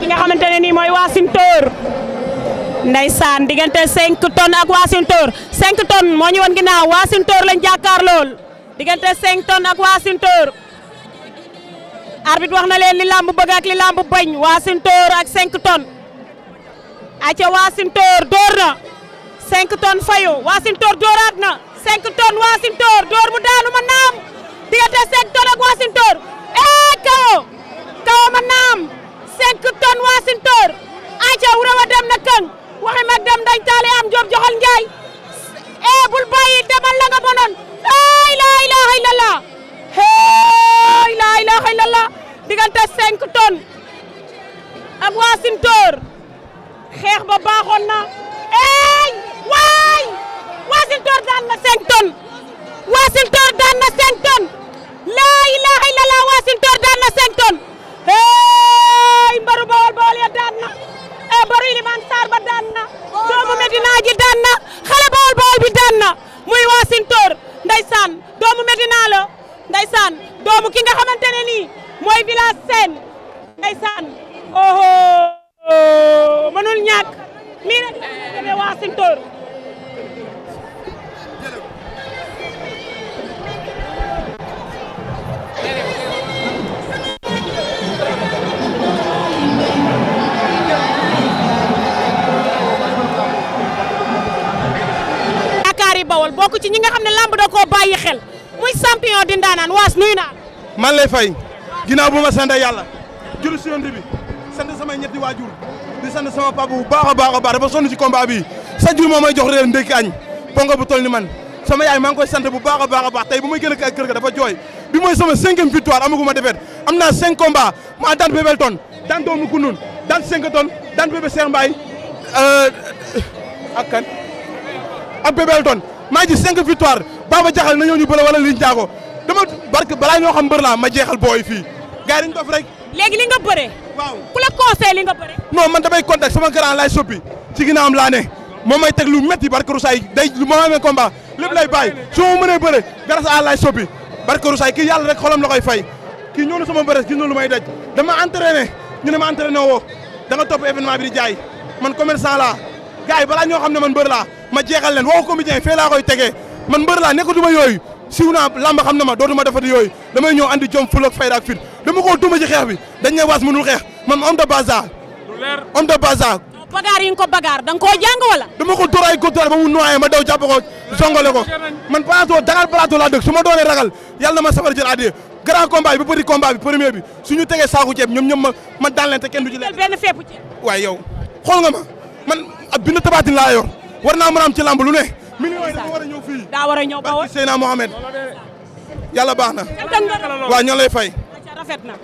ki nga xamante ne nii mooy Wassintor ndeysaan diggante 5 tonnes ak Wassintor 5 tonnes moo ñu woon ginnaaw Wassintor lañ jàkkaar lool diggante 5 tonnes ak Wassintor arbitre wax leen li làmb bëgg ak li làmb bañ Wassintor ak 5 tonnes aca Wassintor door na 5 tonnes fayu Wassintor dooraat na 5 tonnes Wassintor door mu daanu ma naam diggante 5 dem dañ taale am Diop joxal Ndiaye eh bul demal la nga mënoon hey la ilaha illallah hey la ilaha illallah diggante 5 tonnes ak Wassintor xeex ba baaxoon na eh waay Wassintor daan na 5 doomu ki nga xamante ne nii mooy village Sène ndeysaan oho mënul ñàkk nii rek demee waa Sintor ci ñi nga xam ne làmb da koo xel muy champion di ndaanaan waas nuyu naa man lay fay ginnaaw bu ma sant yàlla juru si yoon bi sant samay ñetti waajur di sant sama papa bu baax a baax a baax dafa sonn ci combat bi sa jur moo may jox réer ndékki añ pongo bu toll ni man sama yaay maa ngi sant bu baax a baax a baax tey bu may gën a kër ga dafa jooy bi mooy sama cinquième victoire amaguma defet am naa cinq combats maa daan bébel ton daan doomu kunun daan cinq tonnes daan bébé Cheikh Mbaye euh, ak kan ak bébel ton maa ngi ci cinq Baba Jaxal na ñëw ñu bëre wala liñ jaago dama barke balaa ñoo xam mbër laa ma jeexal booy fii gars yi dañ dof rek. léegi li nga bëree. waaw ku la conseil li nga man damay contact sama grand laay soppi ci ginnaawam laa ne moom may teg lu day lu ma amee combat lépp lay bàyyi ma mënee bëre grâce à laay soppi barke Roussaay kii yàlla rek xolam la koy fay kii ñëw na sama bëre may daj dama entraîné ñu ne ma entraîné woo da topp événement man commerçant laa gars yi balaa ñoo xam ne man mbër laa ma jeexal leen woo comédien fee laa koy tegee man mbër laa ma yooyu siw naa làmba xam na ma dootuma defati yooyu damay ñëw andi jom ful ak fayda ak fit dama koo duma ci xeex bi dañ ne waas mënul xeex man homme de bazar homme bagaar yi nga ko bagaar da nga koo jàng wala dama ko dóor ay góor ba mu noyé ma daw jàpp ko songale ko man plateau Dakar plateau laa dëkk su ma doonee ragal yàlla ma sabar jël addiye grand combat bi ba petit combat bi premier ñu suñu tegee saaku ceeb ñoom ñom ma ma daan leen te kenn du ci leen benn fépp ceeb waaye yow xool nga ma man ab bind tabaatin laa yor war naa mën a ci lamb lu ne ndeysaan daa war a ñëw Bawol Seyna Mohamed yàlla baax na waaw ñoo lay fay rafet na